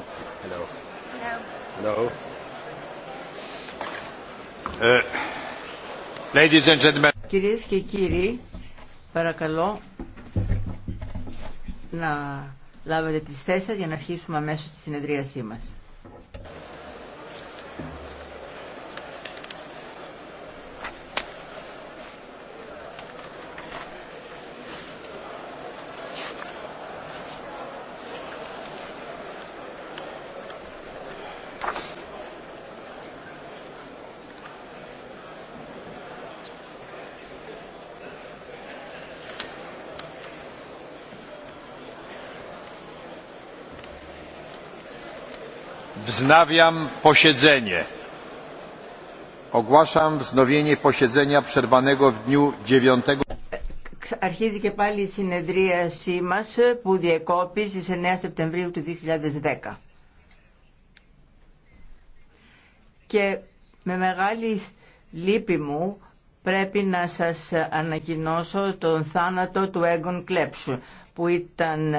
Hello. Uh, Κυρίες και κύριοι, παρακαλώ να λάβετε τις θέσεις για να αρχίσουμε αμέσως τη συνεδρίασή μας. Wznawiam posiedzenie. Ogłaszam wznowienie posiedzenia przerwanego w dniu Αρχίζει και πάλι η συνεδρίασή μας που διεκόπη στις 9 Σεπτεμβρίου του 2010. Και με μεγάλη λύπη μου πρέπει να σας ανακοινώσω τον θάνατο του Έγκον Κλέψου που ήταν